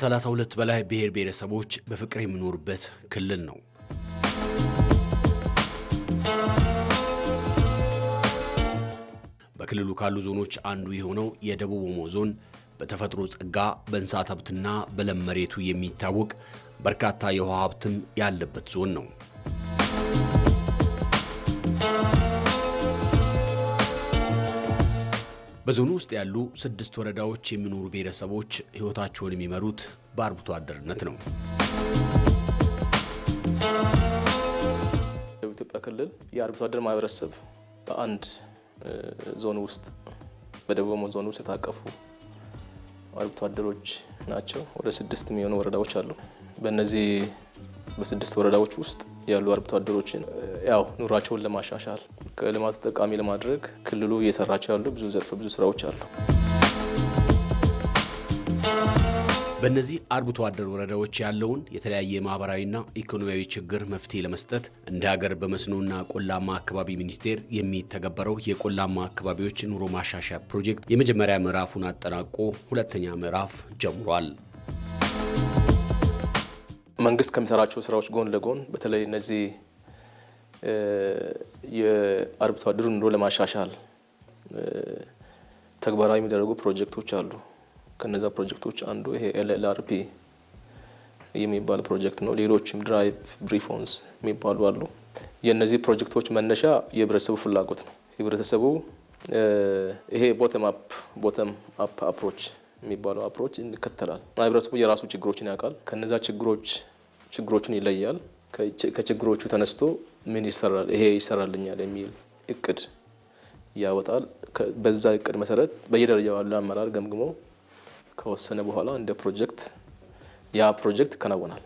ከ32 በላይ ብሔር ብሔረሰቦች በፍቅር የሚኖሩበት ክልል ነው። በክልሉ ካሉ ዞኖች አንዱ የሆነው የደቡብ ኦሞ ዞን በተፈጥሮ ጸጋ በእንስሳት ሀብትና በለም መሬቱ የሚታወቅ በርካታ የውሃ ሀብትም ያለበት ዞን ነው። በዞኑ ውስጥ ያሉ ስድስት ወረዳዎች የሚኖሩ ብሔረሰቦች ሕይወታቸውን የሚመሩት በአርብቶ አደርነት ነው። በኢትዮጵያ ክልል የአርብቶ አደር ማህበረሰብ በአንድ ዞን ውስጥ በደቡብ ኦሞ ዞን ውስጥ የታቀፉ አርብቶ አደሮች ናቸው። ወደ ስድስት የሚሆኑ ወረዳዎች አሉ። በእነዚህ በስድስት ወረዳዎች ውስጥ ያሉ አርብቶ አደሮችን ያው ኑሯቸውን ለማሻሻል ከልማቱ ተጠቃሚ ለማድረግ ክልሉ እየሰራቸው ያሉ ብዙ ዘርፈ ብዙ ስራዎች አሉ። በእነዚህ አርብቶ አደር ወረዳዎች ያለውን የተለያየ ማህበራዊና ኢኮኖሚያዊ ችግር መፍትሄ ለመስጠት እንደ ሀገር በመስኖና ቆላማ አካባቢ ሚኒስቴር የሚተገበረው የቆላማ አካባቢዎች ኑሮ ማሻሻያ ፕሮጀክት የመጀመሪያ ምዕራፉን አጠናቆ ሁለተኛ ምዕራፍ ጀምሯል። መንግስት ከሚሰራቸው ስራዎች ጎን ለጎን በተለይ እነዚህ የአርብቶ አደሩን ኑሮ ለማሻሻል ተግባራዊ የሚደረጉ ፕሮጀክቶች አሉ። ከነዛ ፕሮጀክቶች አንዱ ይሄ ኤልኤልአርፒ የሚባል ፕሮጀክት ነው። ሌሎችም ድራይቭ ብሪፎንስ የሚባሉ አሉ። የእነዚህ ፕሮጀክቶች መነሻ የህብረተሰቡ ፍላጎት ነው። ህብረተሰቡ ይሄ ቦተም አፕ ቦተም አፕ አፕሮች የሚባለው አፕሮች እንከተላል። ማህበረሰቡ የራሱ ችግሮችን ያውቃል። ከነዛ ችግሮች ችግሮቹን ይለያል። ከችግሮቹ ተነስቶ ምን ይሰራል፣ ይሄ ይሰራልኛል የሚል እቅድ ያወጣል። በዛ እቅድ መሰረት በየደረጃው ያለ አመራር ገምግሞ ከወሰነ በኋላ እንደ ፕሮጀክት ያ ፕሮጀክት ይከናወናል።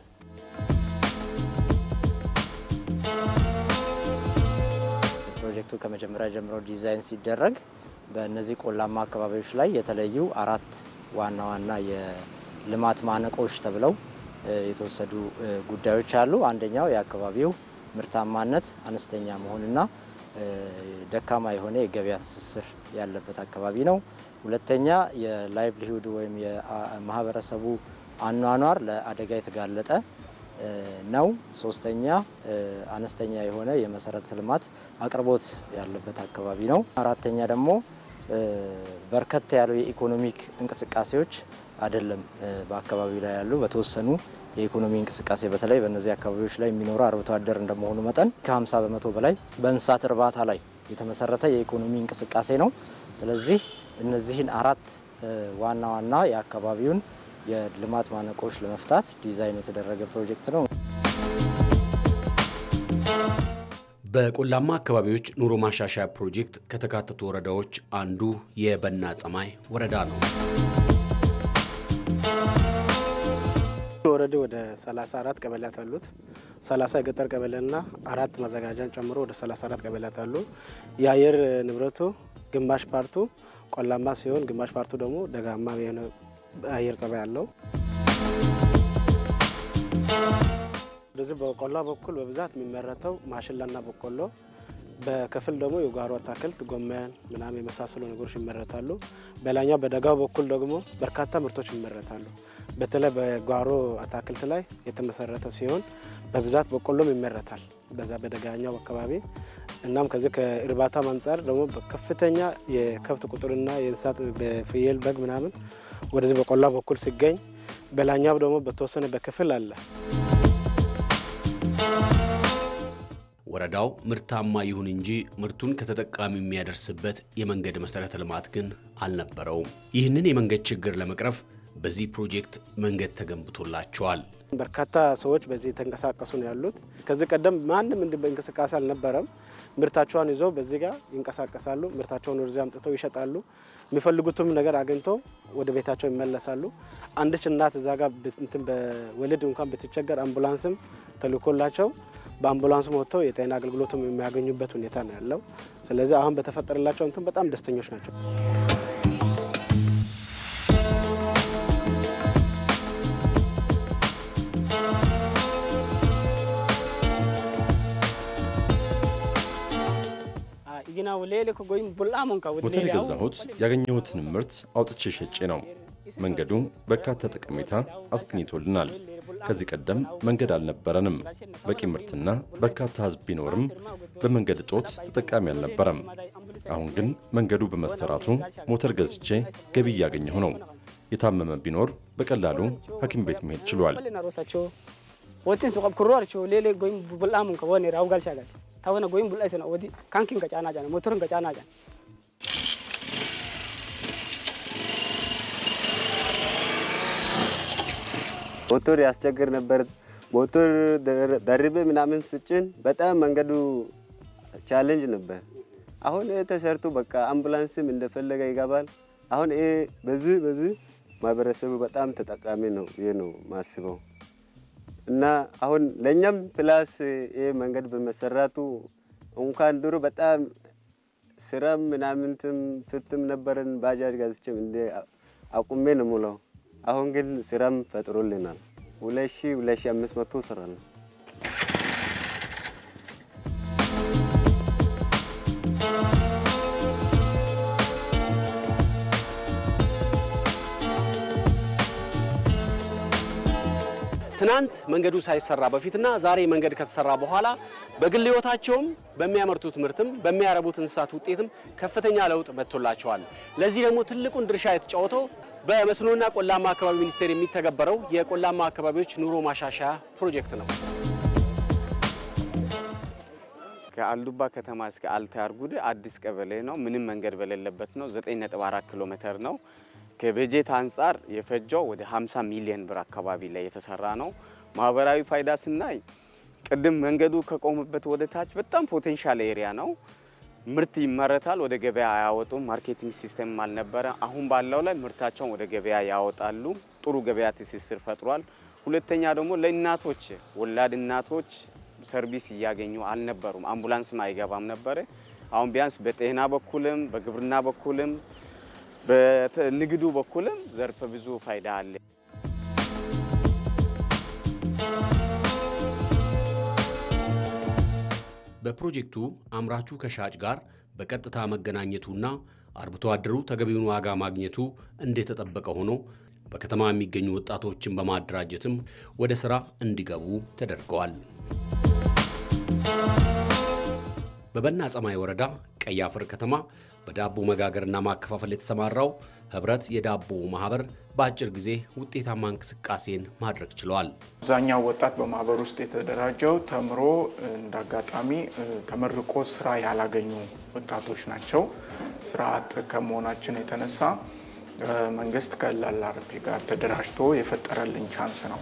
ፕሮጀክቱ ከመጀመሪያ ጀምሮ ዲዛይን ሲደረግ በእነዚህ ቆላማ አካባቢዎች ላይ የተለዩ አራት ዋና ዋና የልማት ማነቆች ተብለው የተወሰዱ ጉዳዮች አሉ። አንደኛው የአካባቢው ምርታማነት አነስተኛ መሆንና ደካማ የሆነ የገበያ ትስስር ያለበት አካባቢ ነው። ሁለተኛ የላይቭሊሁድ ወይም የማህበረሰቡ አኗኗር ለአደጋ የተጋለጠ ነው። ሶስተኛ አነስተኛ የሆነ የመሰረተ ልማት አቅርቦት ያለበት አካባቢ ነው። አራተኛ ደግሞ በርከት ያሉ የኢኮኖሚክ እንቅስቃሴዎች አይደለም በአካባቢው ላይ ያሉ በተወሰኑ የኢኮኖሚ እንቅስቃሴ በተለይ በእነዚህ አካባቢዎች ላይ የሚኖረው አርብቶ አደር እንደመሆኑ መጠን ከ50 በመቶ በላይ በእንስሳት እርባታ ላይ የተመሰረተ የኢኮኖሚ እንቅስቃሴ ነው። ስለዚህ እነዚህን አራት ዋና ዋና የአካባቢውን የልማት ማነቆች ለመፍታት ዲዛይን የተደረገ ፕሮጀክት ነው። በቆላማ አካባቢዎች ኑሮ ማሻሻያ ፕሮጀክት ከተካተቱ ወረዳዎች አንዱ የበና ጸማይ ወረዳ ነው። ወረዳ ወደ 34 ቀበሌያት አሉት። 30 የገጠር ቀበሌና አራት መዘጋጃን ጨምሮ ወደ 34 ቀበሌያት አሉ። የአየር ንብረቱ ግማሽ ፓርቱ ቆላማ ሲሆን፣ ግማሽ ፓርቱ ደግሞ ደጋማ የሆነ አየር ጸባይ አለው። በዚህ በቆላ በኩል በብዛት የሚመረተው ማሽላና በቆሎ፣ በክፍል ደግሞ የጓሮ አታክልት ጎመን ምናምን የመሳሰሉ ነገሮች ይመረታሉ። በላይኛው በደጋው በኩል ደግሞ በርካታ ምርቶች ይመረታሉ። በተለይ በጓሮ አታክልት ላይ የተመሰረተ ሲሆን በብዛት በቆሎም ይመረታል በዛ በደጋኛው አካባቢ። እናም ከዚህ ከእርባታ አንጻር ደግሞ ከፍተኛ የከብት ቁጥርና የእንስሳት በፍየል በግ ምናምን ወደዚህ በቆላ በኩል ሲገኝ በላኛው ደግሞ በተወሰነ በክፍል አለ። ወረዳው ምርታማ ይሁን እንጂ ምርቱን ከተጠቃሚ የሚያደርስበት የመንገድ መሠረተ ልማት ግን አልነበረውም። ይህንን የመንገድ ችግር ለመቅረፍ በዚህ ፕሮጀክት መንገድ ተገንብቶላቸዋል። በርካታ ሰዎች በዚህ የተንቀሳቀሱ ነው ያሉት። ከዚህ ቀደም ማንም እንዲ እንቅስቃሴ አልነበረም። ምርታቸውን ይዘው በዚህ ጋር ይንቀሳቀሳሉ። ምርታቸውን ወደዚ አምጥተው ይሸጣሉ። የሚፈልጉትም ነገር አግኝቶ ወደ ቤታቸው ይመለሳሉ። አንድች እናት እዛ ጋር በወልድ እንኳን ብትቸገር አምቡላንስም ተልኮላቸው በአምቡላንስም ወጥተው የጤና አገልግሎትም የሚያገኙበት ሁኔታ ነው ያለው። ስለዚህ አሁን በተፈጠረላቸው እንትን በጣም ደስተኞች ናቸው። ሆቴል የገዛሁት ያገኘሁትን ምርት አውጥቼ ሸጬ ነው። መንገዱ በርካታ ጠቀሜታ አስገኝቶልናል። ከዚህ ቀደም መንገድ አልነበረንም። በቂ ምርትና በርካታ ሕዝብ ቢኖርም በመንገድ እጦት ተጠቃሚ አልነበረም። አሁን ግን መንገዱ በመሰራቱ ሞተር ገዝቼ ገቢ እያገኘሁ ነው። የታመመ ቢኖር በቀላሉ ሐኪም ቤት መሄድ ችሏል። tawana goyin bulai sana wadi kankin ka cana jana motorin ka cana jana ሞቶር ያስቸግር ነበር። ሞቶር ደርቤ ምናምን ስጭን በጣም መንገዱ ቻሌንጅ ነበር። አሁን ተሰርቶ በቃ አምቡላንስም እንደፈለገ ይገባል። አሁን በዚህ በዚህ ማህበረሰቡ በጣም ተጠቃሚ ነው። ይሄ ነው ማስበው እና አሁን ለእኛም ፕላስ ይህ መንገድ በመሰራቱ እንኳን ድሮ በጣም ስራም ምናምንትም ትትም ነበረን። ባጃጅ ጋዝችም እንደ አቁሜ ነው ሙለው። አሁን ግን ስራም ፈጥሮልናል። ሁለት ሺ ሁለት ሺ አምስት መቶ ስራ ነው። ትናንት መንገዱ ሳይሰራ በፊትና ዛሬ መንገድ ከተሰራ በኋላ በግል ሕይወታቸውም በሚያመርቱት ምርትም በሚያረቡት እንስሳት ውጤትም ከፍተኛ ለውጥ መጥቶላቸዋል። ለዚህ ደግሞ ትልቁን ድርሻ የተጫወተው በመስኖና ቆላማ አካባቢ ሚኒስቴር የሚተገበረው የቆላማ አካባቢዎች ኑሮ ማሻሻያ ፕሮጀክት ነው። ከአልዱባ ከተማ እስከ አልታ አርጉዴ አዲስ ቀበሌ ነው። ምንም መንገድ በሌለበት ነው። 9.4 ኪሎ ሜትር ነው። ከበጀት አንጻር የፈጀው ወደ 50 ሚሊዮን ብር አካባቢ ላይ የተሰራ ነው። ማህበራዊ ፋይዳ ስናይ ቅድም መንገዱ ከቆመበት ወደ ታች በጣም ፖቴንሻል ኤሪያ ነው። ምርት ይመረታል፣ ወደ ገበያ አያወጡም። ማርኬቲንግ ሲስተም አልነበረ። አሁን ባለው ላይ ምርታቸውን ወደ ገበያ ያወጣሉ። ጥሩ ገበያ ትስስር ፈጥሯል። ሁለተኛ ደግሞ ለእናቶች ወላድ እናቶች ሰርቪስ እያገኙ አልነበሩም። አምቡላንስም አይገባም ነበረ። አሁን ቢያንስ በጤና በኩልም በግብርና በኩልም በንግዱ በኩልም ዘርፈ ብዙ ፋይዳ አለ። በፕሮጀክቱ አምራቹ ከሻጭ ጋር በቀጥታ መገናኘቱና አርብቶ አደሩ ተገቢውን ዋጋ ማግኘቱ እንደተጠበቀ ሆኖ በከተማ የሚገኙ ወጣቶችን በማደራጀትም ወደ ስራ እንዲገቡ ተደርገዋል። በበና ጸማይ ወረዳ ቀይ አፈር ከተማ በዳቦ መጋገርና ማከፋፈል የተሰማራው ህብረት የዳቦ ማህበር በአጭር ጊዜ ውጤታማ እንቅስቃሴን ማድረግ ችሏል። አብዛኛው ወጣት በማህበር ውስጥ የተደራጀው ተምሮ እንደ አጋጣሚ ተመርቆ ስራ ያላገኙ ወጣቶች ናቸው። ስራ አጥ ከመሆናችን የተነሳ መንግስት ከላላርፌ ጋር ተደራጅቶ የፈጠረልን ቻንስ ነው።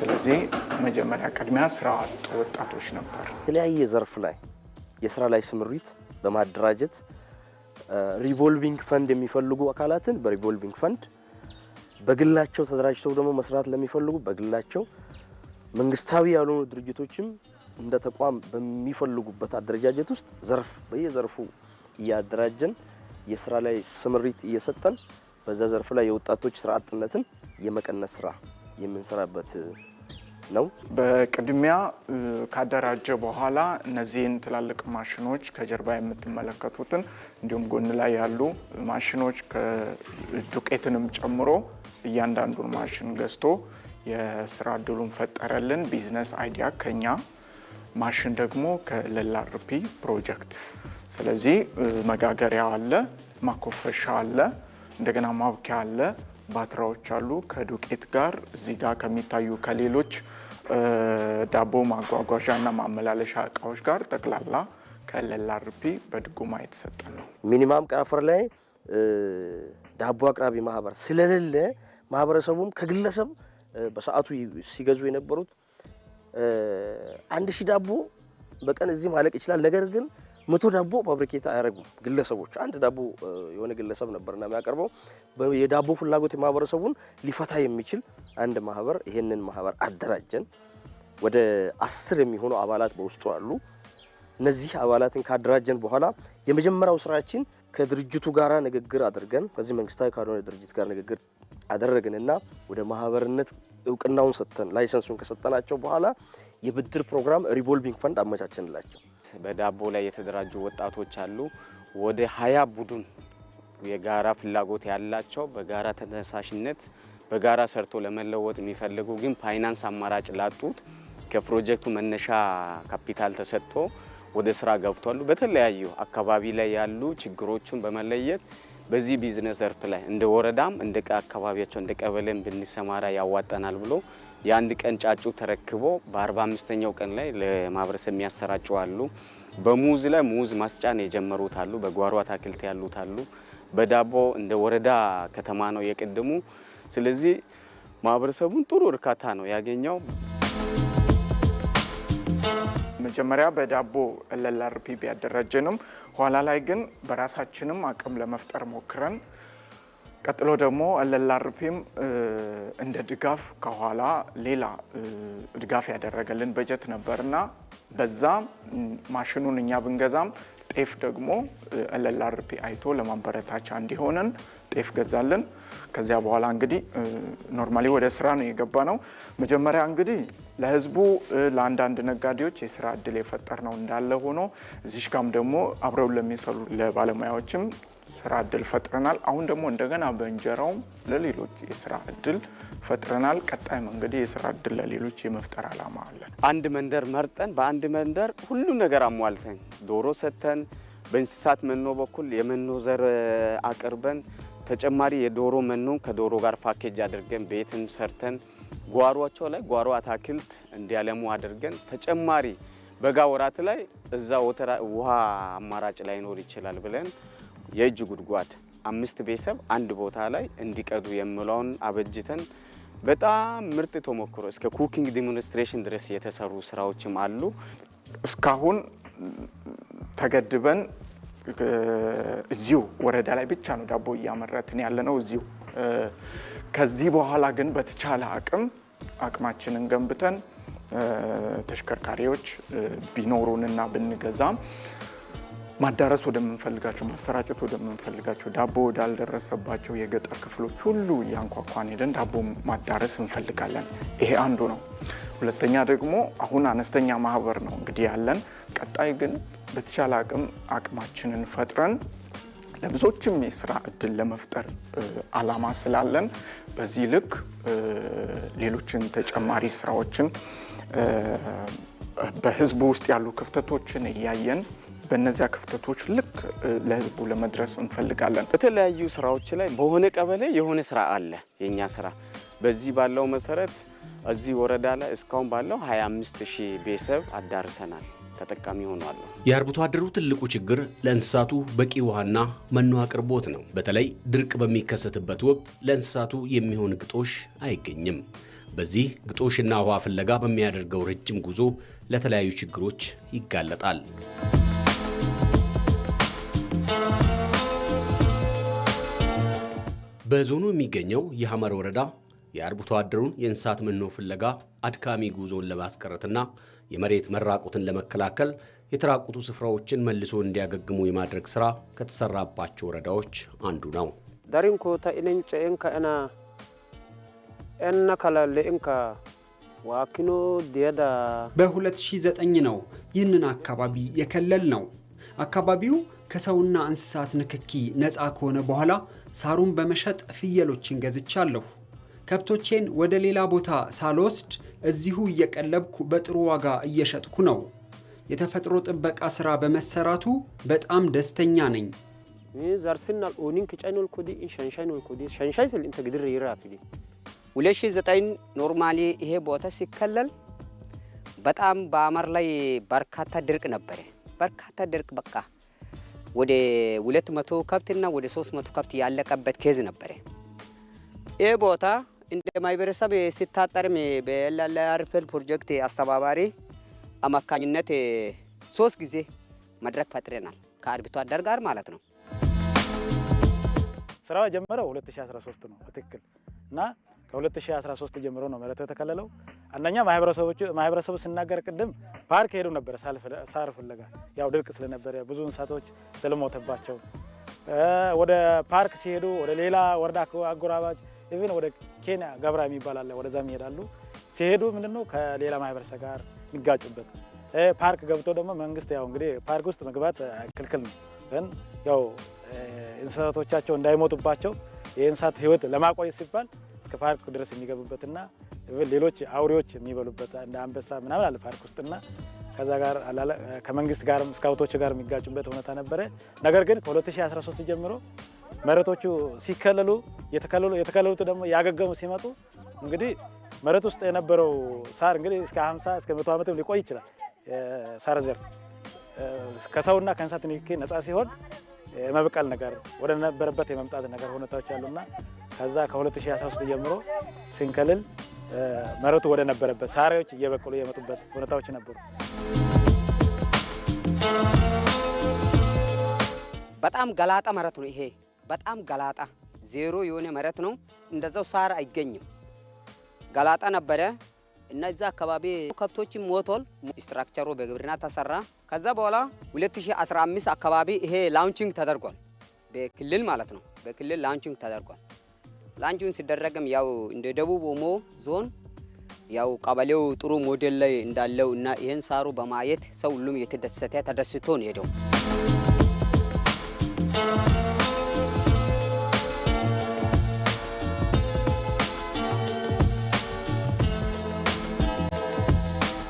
ስለዚህ መጀመሪያ ቅድሚያ ስራ አጥ ወጣቶች ነበር። የተለያየ ዘርፍ ላይ የስራ ላይ ስምሪት በማደራጀት ሪቮልቪንግ ፈንድ የሚፈልጉ አካላትን በሪቮልቪንግ ፈንድ በግላቸው ተደራጅተው ደግሞ መስራት ለሚፈልጉ በግላቸው መንግስታዊ ያልሆኑ ድርጅቶችም እንደ ተቋም በሚፈልጉበት አደረጃጀት ውስጥ ዘርፍ በየዘርፉ እያደራጀን የስራ ላይ ስምሪት እየሰጠን በዛ ዘርፍ ላይ የወጣቶች ስራ አጥነትን የመቀነስ ስራ የምንሰራበት ነው። በቅድሚያ ካደራጀ በኋላ እነዚህን ትላልቅ ማሽኖች ከጀርባ የምትመለከቱትን እንዲሁም ጎን ላይ ያሉ ማሽኖች ዱቄትንም ጨምሮ እያንዳንዱን ማሽን ገዝቶ የስራ እድሉን ፈጠረልን። ቢዝነስ አይዲያ ከኛ ማሽን ደግሞ ከለላርፒ ፕሮጀክት። ስለዚህ መጋገሪያ አለ፣ ማኮፈሻ አለ፣ እንደገና ማብኪያ አለ ባትራዎች አሉ። ከዱቄት ጋር እዚህ ጋር ከሚታዩ ከሌሎች ዳቦ ማጓጓዣ እና ማመላለሻ እቃዎች ጋር ጠቅላላ ከኤልኤልአርፒ በድጎማ የተሰጠ ነው። ሚኒማም ቀፈር አፈር ላይ ዳቦ አቅራቢ ማህበር ስለሌለ ማህበረሰቡም ከግለሰብ በሰዓቱ ሲገዙ የነበሩት አንድ ሺህ ዳቦ በቀን እዚህ ማለቅ ይችላል። ነገር ግን መቶ ዳቦ ፋብሪኬት አያደርጉም ግለሰቦች። አንድ ዳቦ የሆነ ግለሰብ ነበርና የሚያቀርበው የዳቦ ፍላጎት የማህበረሰቡን ሊፈታ የሚችል አንድ ማህበር። ይሄንን ማህበር አደራጀን። ወደ አስር የሚሆኑ አባላት በውስጡ አሉ። እነዚህ አባላትን ካደራጀን በኋላ የመጀመሪያው ስራችን ከድርጅቱ ጋር ንግግር አድርገን ከዚህ መንግስታዊ ካልሆነ ድርጅት ጋር ንግግር አደረግንና ወደ ማህበርነት እውቅናውን ሰጥተን ላይሰንሱን ከሰጠናቸው በኋላ የብድር ፕሮግራም ሪቮልቪንግ ፈንድ አመቻቸንላቸው። በዳቦ ላይ የተደራጁ ወጣቶች አሉ። ወደ ሀያ ቡድን የጋራ ፍላጎት ያላቸው በጋራ ተነሳሽነት በጋራ ሰርቶ ለመለወጥ የሚፈልጉ ግን ፋይናንስ አማራጭ ላጡት ከፕሮጀክቱ መነሻ ካፒታል ተሰጥቶ ወደ ስራ ገብቷሉ። በተለያዩ አካባቢ ላይ ያሉ ችግሮቹን በመለየት በዚህ ቢዝነስ ዘርፍ ላይ እንደ ወረዳም እንደ አካባቢያቸው እንደ ቀበሌም ብንሰማራ ያዋጠናል ብሎ የአንድ ቀን ጫጩ ተረክቦ በ45ኛው ቀን ላይ ለማህበረሰብ የሚያሰራጩ አሉ። በሙዝ ላይ ሙዝ ማስጫን የጀመሩት አሉ። በጓሮ አታክልት ያሉት አሉ። በዳቦ እንደ ወረዳ ከተማ ነው የቅድሙ። ስለዚህ ማህበረሰቡን ጥሩ እርካታ ነው ያገኘው። መጀመሪያ በዳቦ ለላርፒ ቢያደራጀንም ኋላ ላይ ግን በራሳችንም አቅም ለመፍጠር ሞክረን ቀጥሎ ደግሞ ኤልኤልአርፒም እንደ ድጋፍ ከኋላ ሌላ ድጋፍ ያደረገልን በጀት ነበርና በዛ ማሽኑን እኛ ብንገዛም ጤፍ ደግሞ ኤልኤልአርፒ አይቶ ለማበረታቻ እንዲሆንን ጤፍ ገዛለን። ከዚያ በኋላ እንግዲህ ኖርማሊ ወደ ስራ ነው የገባ ነው። መጀመሪያ እንግዲህ ለህዝቡ ለአንዳንድ ነጋዴዎች የስራ እድል የፈጠር ነው እንዳለ ሆኖ እዚሽ ጋም ደግሞ አብረው ለሚሰሩ ለባለሙያዎችም ስራ እድል ፈጥረናል። አሁን ደግሞ እንደገና በእንጀራውም ለሌሎች የስራ እድል ፈጥረናል። ቀጣይም እንግዲህ የስራ እድል ለሌሎች የመፍጠር አላማ አለን። አንድ መንደር መርጠን በአንድ መንደር ሁሉ ነገር አሟልተን ዶሮ ሰጥተን በእንስሳት መኖ በኩል የመኖ ዘር አቅርበን ተጨማሪ የዶሮ መኖን ከዶሮ ጋር ፓኬጅ አድርገን ቤትም ሰርተን ጓሯቸው ላይ ጓሮ አታክልት እንዲያለሙ አድርገን ተጨማሪ በጋ ወራት ላይ እዛ ውሃ አማራጭ ላይኖር ይችላል ብለን የእጅ ጉድጓድ አምስት ቤተሰብ አንድ ቦታ ላይ እንዲቀዱ የምለውን አበጅተን በጣም ምርጥ ተሞክሮ እስከ ኩኪንግ ዲሞንስትሬሽን ድረስ የተሰሩ ስራዎችም አሉ። እስካሁን ተገድበን እዚሁ ወረዳ ላይ ብቻ ነው ዳቦ እያመረትን ያለ ነው እዚሁ። ከዚህ በኋላ ግን በተቻለ አቅም አቅማችንን ገንብተን ተሽከርካሪዎች ቢኖሩንና ብንገዛም ማዳረስ ወደምንፈልጋቸው ማሰራጨት ወደምንፈልጋቸው ዳቦ ወዳልደረሰባቸው የገጠር ክፍሎች ሁሉ እያንኳኳን ሄደን ዳቦ ማዳረስ እንፈልጋለን። ይሄ አንዱ ነው። ሁለተኛ ደግሞ አሁን አነስተኛ ማህበር ነው እንግዲህ ያለን። ቀጣይ ግን በተቻለ አቅም አቅማችንን ፈጥረን ለብዙዎችም የስራ እድል ለመፍጠር አላማ ስላለን በዚህ ልክ ሌሎችን ተጨማሪ ስራዎችን በህዝቡ ውስጥ ያሉ ክፍተቶችን እያየን በእነዚያ ክፍተቶች ልክ ለህዝቡ ለመድረስ እንፈልጋለን። በተለያዩ ስራዎች ላይ በሆነ ቀበሌ የሆነ ስራ አለ። የእኛ ስራ በዚህ ባለው መሰረት እዚህ ወረዳ ላይ እስካሁን ባለው 25 ሺህ ቤተሰብ አዳርሰናል፣ ተጠቃሚ ሆኗል። የአርብቶ አደሩ ትልቁ ችግር ለእንስሳቱ በቂ ውሃና መኖ አቅርቦት ነው። በተለይ ድርቅ በሚከሰትበት ወቅት ለእንስሳቱ የሚሆን ግጦሽ አይገኝም። በዚህ ግጦሽና ውሃ ፍለጋ በሚያደርገው ረጅም ጉዞ ለተለያዩ ችግሮች ይጋለጣል። በዞኑ የሚገኘው የሐመር ወረዳ የአርብቶ አደሩን የእንስሳት መኖ ፍለጋ አድካሚ ጉዞን ለማስቀረትና የመሬት መራቆትን ለመከላከል የተራቁቱ ስፍራዎችን መልሶ እንዲያገግሙ የማድረግ ሥራ ከተሰራባቸው ወረዳዎች አንዱ ነው። ዳሪንኮ ታኢነንጨ ኤንካ እና እና ዋኪኖ ዴዳ በ2009 ነው ይህንን አካባቢ የከለል ነው አካባቢው ከሰውና እንስሳት ንክኪ ነፃ ከሆነ በኋላ ሳሩን በመሸጥ ፍየሎችን ገዝቻለሁ። ከብቶቼን ወደ ሌላ ቦታ ሳልወስድ እዚሁ እየቀለብኩ በጥሩ ዋጋ እየሸጥኩ ነው። የተፈጥሮ ጥበቃ ሥራ በመሰራቱ በጣም ደስተኛ ነኝ። ዛርስናል ኦኒን ክጨኖል ኮዲ ሸንሻይ ኮዲ ሸንሻይ ስል እንተ ግድር ይራፍ ሁለት ሺህ ዘጠኝ ኖርማሊ ይሄ ቦታ ሲከለል በጣም በአመር ላይ በርካታ ድርቅ ነበር። በርካታ ድርቅ በቃ ወደ 200 ከብትና ወደ 300 ከብት ያለቀበት ኬዝ ነበረ። ይህ ቦታ እንደ ማህበረሰብ ሲታጠርም በላላርፈል ፕሮጀክት አስተባባሪ አማካኝነት ሶስት ጊዜ መድረክ ፈጥረናል፣ ከአርብቶ አደር ጋር ማለት ነው። ስራው የጀመረው 2013 ነው በትክክል እና ከ2013 ጀምሮ ነው መሬቱ የተከለለው። አንደኛ ማህበረሰቡ ሲናገር ቅድም ፓርክ ሄዱ ነበረ ሳር ፍለጋ፣ ያው ድርቅ ስለነበረ ብዙ እንስሳቶች ስለሞተባቸው ወደ ፓርክ ሲሄዱ ወደ ሌላ ወረዳ አጎራባጭ ኢቭን ወደ ኬንያ ገብራ የሚባል አለ፣ ወደዛም ይሄዳሉ። ሲሄዱ ምንድነው ከሌላ ማህበረሰብ ጋር የሚጋጩበት ፓርክ ገብቶ ደግሞ መንግስት ያው እንግዲህ ፓርክ ውስጥ መግባት ክልክል ነው፣ ግን ያው እንስሳቶቻቸው እንዳይሞቱባቸው የእንስሳት ህይወት ለማቆየት ሲባል እስከ ፓርክ ድረስ የሚገቡበትና ሌሎች አውሬዎች የሚበሉበት እንደ አንበሳ ምናምን አለ ፓርክ ውስጥና ከዛ ጋር ከመንግስት ጋር ስካውቶች ጋር የሚጋጩበት እውነታ ነበረ። ነገር ግን ከ2013 ጀምሮ መሬቶቹ ሲከለሉ የተከለሉት ደግሞ ያገገሙ ሲመጡ እንግዲህ መሬት ውስጥ የነበረው ሳር እንግዲህ እስከ 50 እስከ 100 ዓመትም ሊቆይ ይችላል። ሳር ዘር ከሰውና ከእንስሳት ንክኪ ነፃ ሲሆን የመብቀል ነገር ወደ ነበረበት የመምጣት ነገር ሁኔታዎች አሉና ከዛ ከ2013 ጀምሮ ስንከልል መሬቱ ወደ ነበረበት ሳሪዎች እየበቀሉ የመጡበት ሁኔታዎች ነበሩ። በጣም ገላጣ መሬት ነው። ይሄ በጣም ገላጣ ዜሮ የሆነ መሬት ነው። እንደዛው ሳር አይገኝም። ገላጣ ነበረ እና እዛ አካባቢ ከብቶች ሞቶል። ስትራክቸሩ በግብርና ተሰራ። ከዛ በኋላ 2015 አካባቢ ይሄ ላውንቺንግ ተደርጓል። በክልል ማለት ነው። በክልል ላውንቺንግ ተደርጓል። ላንቺውን ሲደረግም ያው እንደ ደቡብ ኦሞ ዞን ያው ቀበሌው ጥሩ ሞዴል ላይ እንዳለው እና ይህን ሳሩ በማየት ሰው ሁሉም የተደሰተ ተደስቶ ነው ሄደው።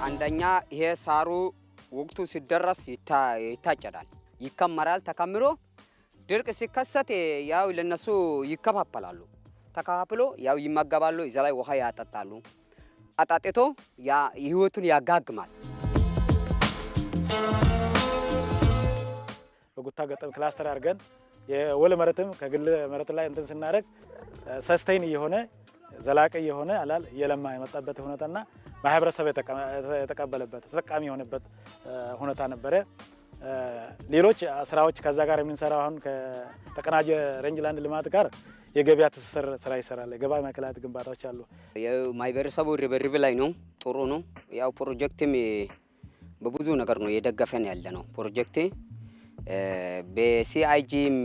አንደኛ ይሄ ሳሩ ወቅቱ ሲደረስ ይታጨዳል፣ ይከመራል። ተከምሮ ድርቅ ሲከሰት ያው ለነሱ ይከፋፈላሉ። ተካፍሎ ያው ይመገባሉ። እዛ ላይ ውሃ ያጠጣሉ። አጣጤቶ ህይወቱን ያጋግማል። በጉታ ገጠም ክላስተር አድርገን የወል መሬትም ከግል መሬት ላይ እንትን ስናደርግ ሰስቴን እየሆነ ዘላቂ የሆነ አላል እየለማ የመጣበት ሁኔታና ማህበረሰብ የተቀበለበት ተጠቃሚ የሆነበት ሁኔታ ነበረ። ሌሎች ስራዎች ከዛ ጋር የምንሰራው አሁን ከተቀናጀ ሬንጅላንድ ልማት ጋር የገበያ ትስስር ስራ ይሰራል። የገበያ ማዕከላት ግንባታዎች አሉ። ማህበረሰቡ ርብርብ ላይ ነው። ጥሩ ነው። ያው ፕሮጀክትም በብዙ ነገር ነው የደገፈን ያለ ነው ፕሮጀክት በሲአይጂም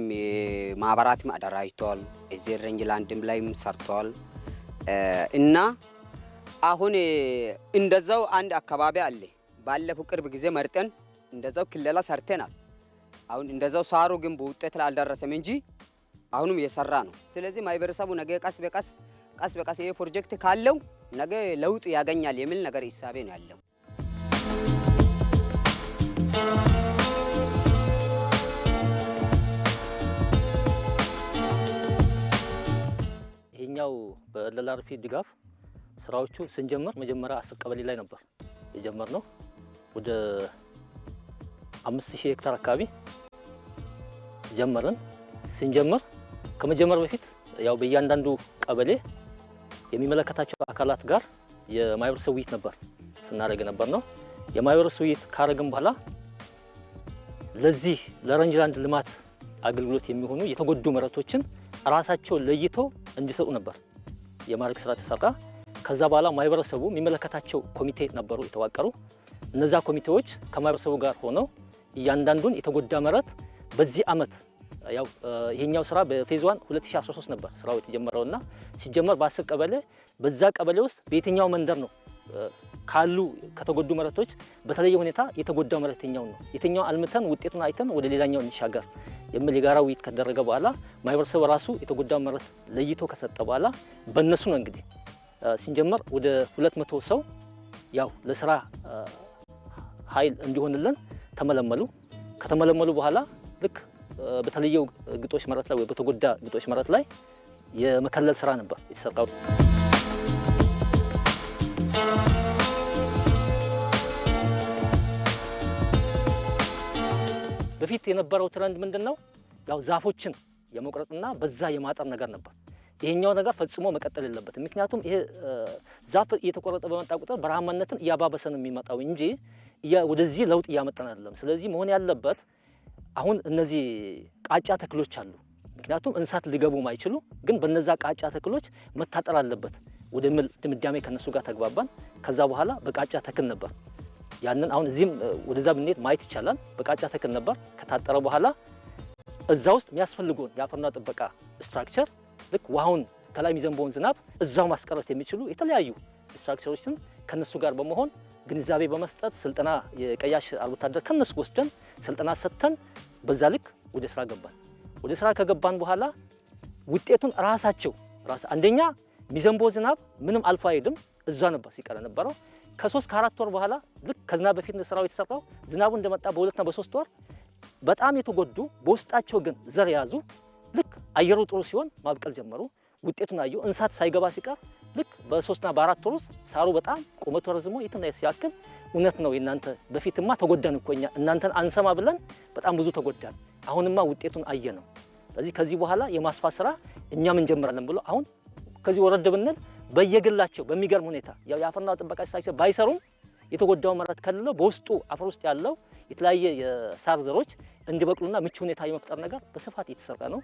ማህበራትም አደራጅተዋል። እዚህ ሬንጅ ላይም ሰርተዋል እና አሁን እንደዛው አንድ አካባቢ አለ። ባለፈው ቅርብ ጊዜ መርጠን እንደዛው ክለላ ሰርተናል። አሁን እንደዛው ሳሩ ግን በውጤት ላይ አልደረሰም እንጂ አሁንም እየሰራ ነው። ስለዚህ ማህበረሰቡ ነገ ቀስ በቀስ ቀስ በቀስ ይሄ ፕሮጀክት ካለው ነገ ለውጥ ያገኛል የሚል ነገር ሂሳቤ ነው ያለው። ይሄኛው በለላርፊ ድጋፍ ስራዎቹ ስንጀምር መጀመሪያ አስር ቀበሌ ላይ ነበር የጀመርነው ወደ አምስት ሺህ ሄክታር አካባቢ ጀመርን ስንጀምር ከመጀመር በፊት ያው በእያንዳንዱ ቀበሌ የሚመለከታቸው አካላት ጋር የማህበረሰብ ውይይት ነበር ስናደርግ ነበር ነው። የማህበረሰብ ውይይት ካደረግን በኋላ ለዚህ ለረንጅላንድ ልማት አገልግሎት የሚሆኑ የተጎዱ መሬቶችን ራሳቸው ለይተው እንዲሰጡ ነበር የማድረግ ስራ ተሰራ። ከዛ በኋላ ማህበረሰቡ የሚመለከታቸው ኮሚቴ ነበሩ የተዋቀሩ። እነዛ ኮሚቴዎች ከማህበረሰቡ ጋር ሆነው እያንዳንዱን የተጎዳ መሬት በዚህ አመት ያው ይሄኛው ስራ በፌዝ ዋን 2013 ነበር ስራው የተጀመረውና ሲጀመር በአስር ቀበሌ በዛ ቀበሌ ውስጥ በየትኛው መንደር ነው ካሉ ከተጎዱ መሬቶች በተለየ ሁኔታ የተጎዳው መሬት የትኛው ነው፣ የትኛው አልምተን ውጤቱን አይተን ወደ ሌላኛው እንሻገር የሚል የጋራ ውይይት ከደረገ በኋላ ማህበረሰብ ራሱ የተጎዳው መሬት ለይቶ ከሰጠ በኋላ በእነሱ ነው እንግዲህ ሲንጀመር ወደ 200 ሰው ያው ለስራ ኃይል እንዲሆንልን ተመለመሉ። ከተመለመሉ በኋላ ልክ በተለየው ግጦሽ መሬት ላይ ወይ በተጎዳ ግጦሽ መሬት ላይ የመከለል ስራ ነበር የተሰራው። በፊት የነበረው ትረንድ ምንድን ነው? ያው ዛፎችን የመቁረጥና በዛ የማጠር ነገር ነበር። ይሄኛው ነገር ፈጽሞ መቀጠል የለበትም። ምክንያቱም ይሄ ዛፍ እየተቆረጠ በመጣ ቁጥር በረሃማነትን እያባበሰ ነው የሚመጣው እንጂ ወደዚህ ለውጥ እያመጣን አይደለም። ስለዚህ መሆን ያለበት አሁን እነዚህ ቃጫ ተክሎች አሉ። ምክንያቱም እንስሳት ሊገቡም አይችሉ፣ ግን በነዛ ቃጫ ተክሎች መታጠር አለበት ወደሚል ድምዳሜ ከነሱ ጋር ተግባባን። ከዛ በኋላ በቃጫ ተክል ነበር ያንን አሁን እዚህም ወደዛ ብንሄድ ማየት ይቻላል። በቃጫ ተክል ነበር ከታጠረ በኋላ እዛ ውስጥ የሚያስፈልገውን የአፈርና ጥበቃ ስትራክቸር ልክ ውሃውን ከላይ የሚዘንበውን ዝናብ እዛው ማስቀረት የሚችሉ የተለያዩ ስትራክቸሮችን ከነሱ ጋር በመሆን ግንዛቤ በመስጠት ስልጠና የቀያሽ አልወታደር ከነሱ ወስደን ስልጠና ሰጥተን በዛ ልክ ወደ ስራ ገባን። ወደ ስራ ከገባን በኋላ ውጤቱን ራሳቸው ራስ አንደኛ ሚዘንቦ ዝናብ ምንም አልፎ አይሄድም፣ እዛ ነበር ሲቀረ ነበረው። ከሶስት ከአራት ወር በኋላ ልክ ከዝናብ በፊት ስራው የተሰራው ዝናቡ እንደመጣ በሁለትና በሶስት ወር በጣም የተጎዱ በውስጣቸው ግን ዘር የያዙ ልክ አየሩ ጥሩ ሲሆን ማብቀል ጀመሩ። ውጤቱን አየሁ። እንስሳት ሳይገባ ሲቀር ልክ በሶስትና በአራት ወር ውስጥ ሳሩ በጣም ቁመቱ ረዝሞ የትና ሲያክል እውነት ነው። የእናንተ በፊትማ ተጎዳን እኮ እኛ እናንተን አንሰማ ብለን በጣም ብዙ ተጎዳን። አሁንማ ውጤቱን አየ ነው። ስለዚህ ከዚህ በኋላ የማስፋት ስራ እኛም እንጀምራለን ብሎ አሁን ከዚህ ወረድ ብንል በየግላቸው በሚገርም ሁኔታ ያው የአፈርና ጥበቃ ስራቸው ባይሰሩም የተጎዳው መሬት ከልለው በውስጡ አፈር ውስጥ ያለው የተለያየ የሳር ዘሮች እንዲበቅሉና ምቹ ሁኔታ የመፍጠር ነገር በስፋት የተሰራ ነው።